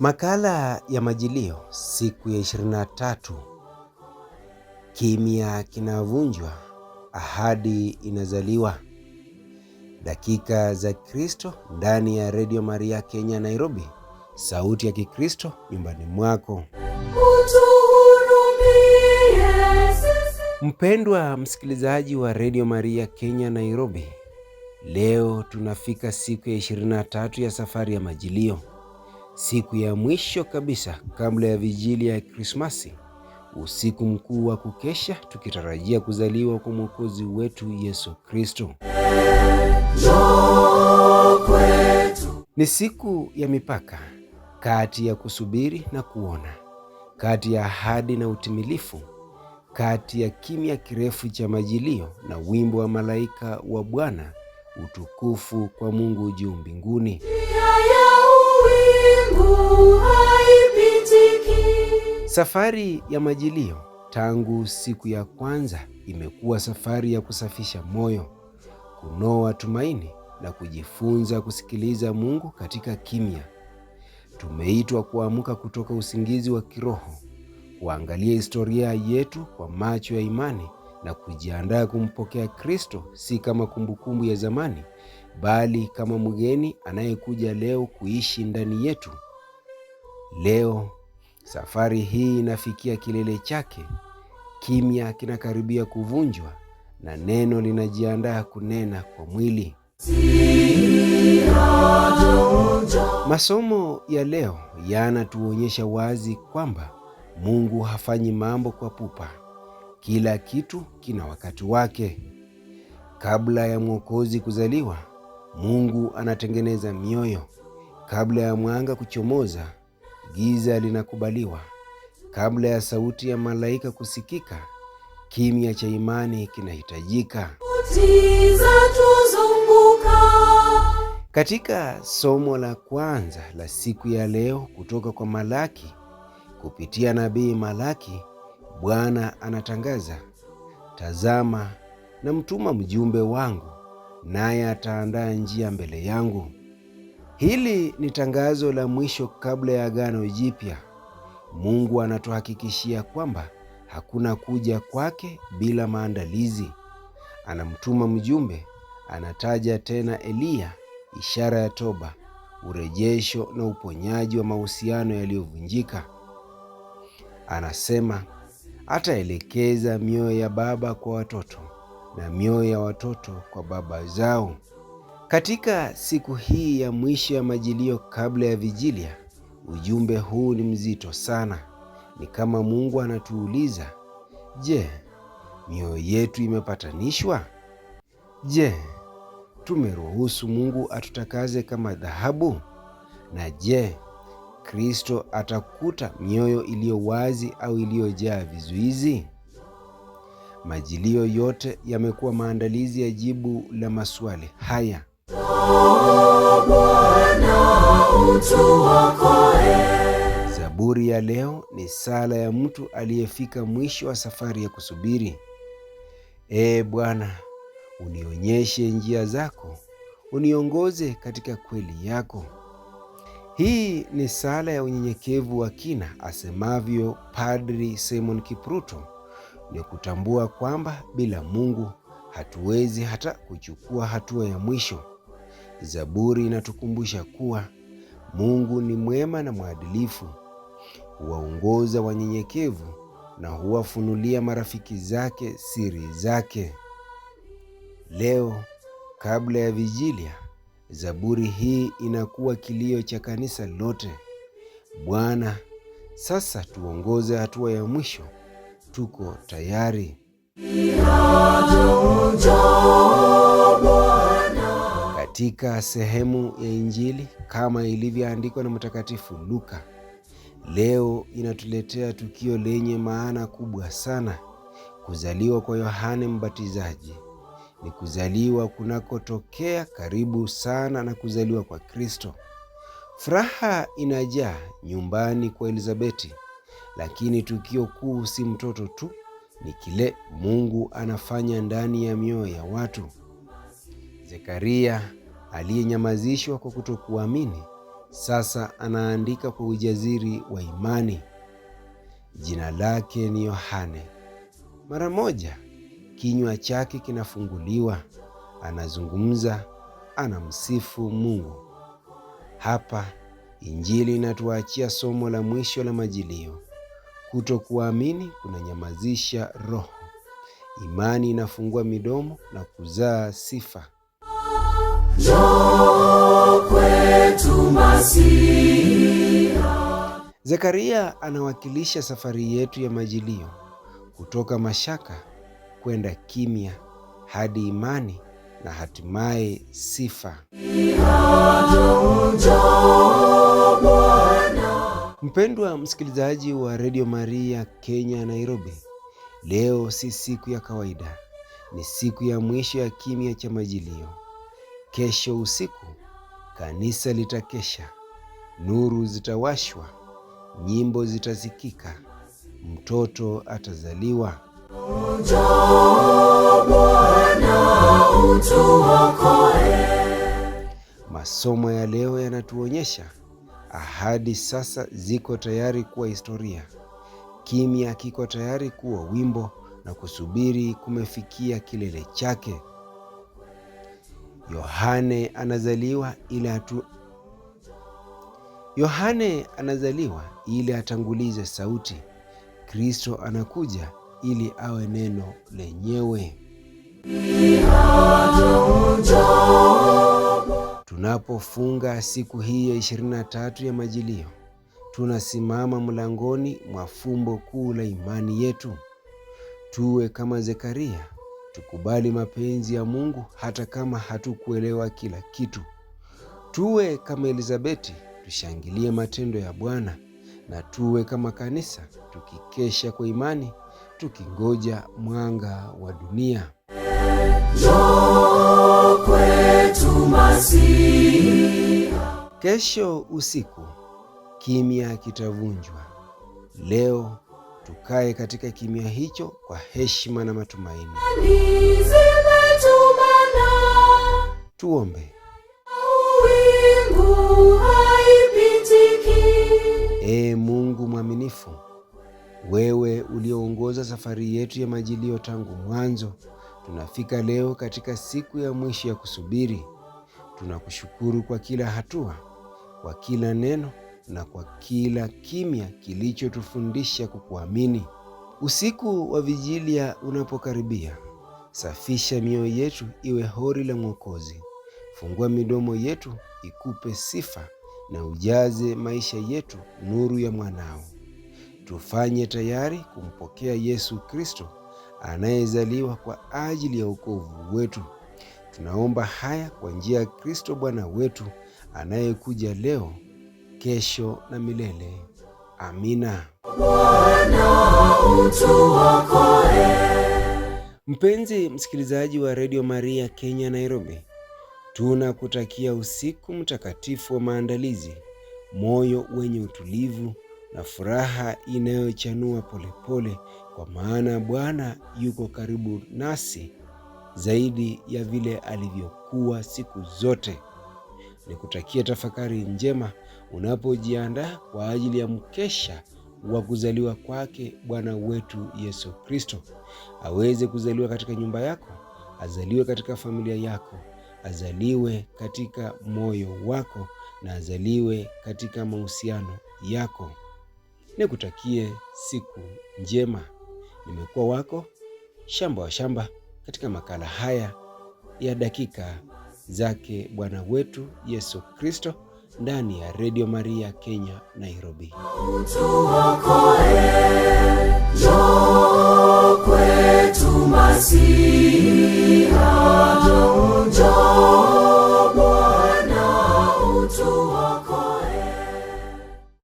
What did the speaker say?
Makala ya Majilio, siku ya 23. Kimya kinavunjwa, ahadi inazaliwa. Dakika za Kristo ndani ya Redio Maria Kenya Nairobi, sauti ya Kikristo nyumbani mwako. Mpendwa msikilizaji wa Redio Maria Kenya Nairobi, leo tunafika siku ya 23 ya safari ya Majilio siku ya mwisho kabisa kabla ya vijilia ya Krismasi, usiku mkuu wa kukesha tukitarajia kuzaliwa kwa mwokozi wetu Yesu Kristo. Ni siku ya mipaka kati ya kusubiri na kuona, kati ya ahadi na utimilifu, kati ya kimya kirefu cha majilio na wimbo wa malaika wa Bwana, utukufu kwa Mungu juu mbinguni yangu haipitiki. Safari ya Majilio tangu siku ya kwanza imekuwa safari ya kusafisha moyo, kunoa tumaini na kujifunza kusikiliza Mungu katika kimya. Tumeitwa kuamka kutoka usingizi wa kiroho, kuangalia historia yetu kwa macho ya imani na kujiandaa kumpokea Kristo, si kama kumbukumbu ya zamani, bali kama mgeni anayekuja leo kuishi ndani yetu. Leo safari hii inafikia kilele chake, kimya kinakaribia kuvunjwa na neno linajiandaa kunena kwa mwili. Masomo ya leo yanatuonyesha wazi kwamba Mungu hafanyi mambo kwa pupa. Kila kitu kina wakati wake. Kabla ya Mwokozi kuzaliwa Mungu anatengeneza mioyo. Kabla ya mwanga kuchomoza, giza linakubaliwa. Kabla ya sauti ya malaika kusikika, kimya cha imani kinahitajika. Katika somo la kwanza la siku ya leo kutoka kwa Malaki, kupitia nabii Malaki, Bwana anatangaza, tazama, namtuma mjumbe wangu naye ataandaa njia mbele yangu. Hili ni tangazo la mwisho kabla ya agano jipya. Mungu anatuhakikishia kwamba hakuna kuja kwake bila maandalizi. Anamtuma mjumbe, anataja tena Eliya, ishara ya toba, urejesho na uponyaji wa mahusiano yaliyovunjika. Anasema ataelekeza mioyo ya baba kwa watoto na mioyo ya watoto kwa baba zao. Katika siku hii ya mwisho ya majilio kabla ya vijilia, ujumbe huu ni mzito sana. Ni kama Mungu anatuuliza, je, mioyo yetu imepatanishwa? Je, tumeruhusu Mungu atutakaze kama dhahabu? Na je, Kristo atakuta mioyo iliyo wazi au iliyojaa vizuizi? Majilio yote yamekuwa maandalizi ya jibu la maswali haya. Zaburi ya leo ni sala ya mtu aliyefika mwisho wa safari ya kusubiri. Ee Bwana, unionyeshe njia zako, uniongoze katika kweli yako. Hii ni sala ya unyenyekevu wa kina, asemavyo Padri Simon Kipruto ni kutambua kwamba bila Mungu hatuwezi hata kuchukua hatua ya mwisho. Zaburi inatukumbusha kuwa Mungu ni mwema na mwadilifu, huwaongoza wanyenyekevu na huwafunulia marafiki zake siri zake. Leo kabla ya vijilia, zaburi hii inakuwa kilio cha kanisa lote: Bwana, sasa tuongoze hatua ya mwisho tuko tayari? Katika sehemu ya Injili kama ilivyoandikwa na Mtakatifu Luka, leo inatuletea tukio lenye maana kubwa sana. Kuzaliwa kwa Yohane Mbatizaji ni kuzaliwa kunakotokea karibu sana na kuzaliwa kwa Kristo. Furaha inajaa nyumbani kwa Elizabeti lakini tukio kuu si mtoto tu, ni kile Mungu anafanya ndani ya mioyo ya watu. Zekaria aliyenyamazishwa kwa kutokuamini, sasa anaandika kwa ujasiri wa imani. Jina lake ni Yohane. Mara moja kinywa chake kinafunguliwa, anazungumza, anamsifu Mungu. Hapa Injili inatuachia somo la mwisho la Majilio. Kutokuamini kunanyamazisha roho. Imani inafungua midomo na kuzaa sifa. Zekaria anawakilisha safari yetu ya majilio, kutoka mashaka kwenda kimya hadi imani na hatimaye sifa. Njoo, njoo, Mpendwa msikilizaji wa redio Maria Kenya Nairobi, leo si siku ya kawaida, ni siku ya mwisho ya kimya cha Majilio. Kesho usiku kanisa litakesha, nuru zitawashwa, nyimbo zitasikika, mtoto atazaliwa. Njoo Bwana utuokoe. Masomo ya leo yanatuonyesha Ahadi sasa ziko tayari kuwa historia. Kimya kiko tayari kuwa wimbo na kusubiri kumefikia kilele chake. Yohane anazaliwa ili atu... Yohane anazaliwa ili atangulize sauti. Kristo anakuja ili awe neno lenyewe. Tunapofunga siku hii ya 23 ya Majilio, tunasimama mlangoni mwa fumbo kuu la imani yetu. Tuwe kama Zekaria, tukubali mapenzi ya Mungu hata kama hatukuelewa kila kitu. Tuwe kama Elizabeti, tushangilie matendo ya Bwana, na tuwe kama kanisa, tukikesha kwa imani, tukingoja mwanga wa dunia kwetu Kesho usiku kimya kitavunjwa. Leo tukae katika kimya hicho kwa heshima na matumaini. Tuombe. Ee Mungu mwaminifu, wewe ulioongoza safari yetu ya majilio tangu mwanzo Tunafika leo katika siku ya mwisho ya kusubiri. Tunakushukuru kwa kila hatua, kwa kila neno na kwa kila kimya kilichotufundisha kukuamini. Usiku wa vijilia unapokaribia, safisha mioyo yetu iwe hori la Mwokozi. Fungua midomo yetu ikupe sifa, na ujaze maisha yetu nuru ya mwanao. Tufanye tayari kumpokea Yesu Kristo anayezaliwa kwa ajili ya wokovu wetu. Tunaomba haya kwa njia ya Kristo Bwana wetu anayekuja leo, kesho na milele. Amina. Mpenzi msikilizaji wa redio Maria Kenya Nairobi, tunakutakia usiku mtakatifu wa maandalizi, moyo wenye utulivu na furaha inayochanua polepole kwa maana Bwana yuko karibu nasi zaidi ya vile alivyokuwa siku zote. Nikutakie tafakari njema unapojiandaa kwa ajili ya mkesha wa kuzaliwa kwake Bwana wetu Yesu Kristo. Aweze kuzaliwa katika nyumba yako, azaliwe katika familia yako, azaliwe katika moyo wako na azaliwe katika mahusiano yako. Nikutakie siku njema. Nimekuwa wako Shamba wa Shamba katika makala haya ya dakika zake Bwana wetu Yesu Kristo ndani ya Redio Maria Kenya, Nairobi. Njoo njoo Bwana utuokoe.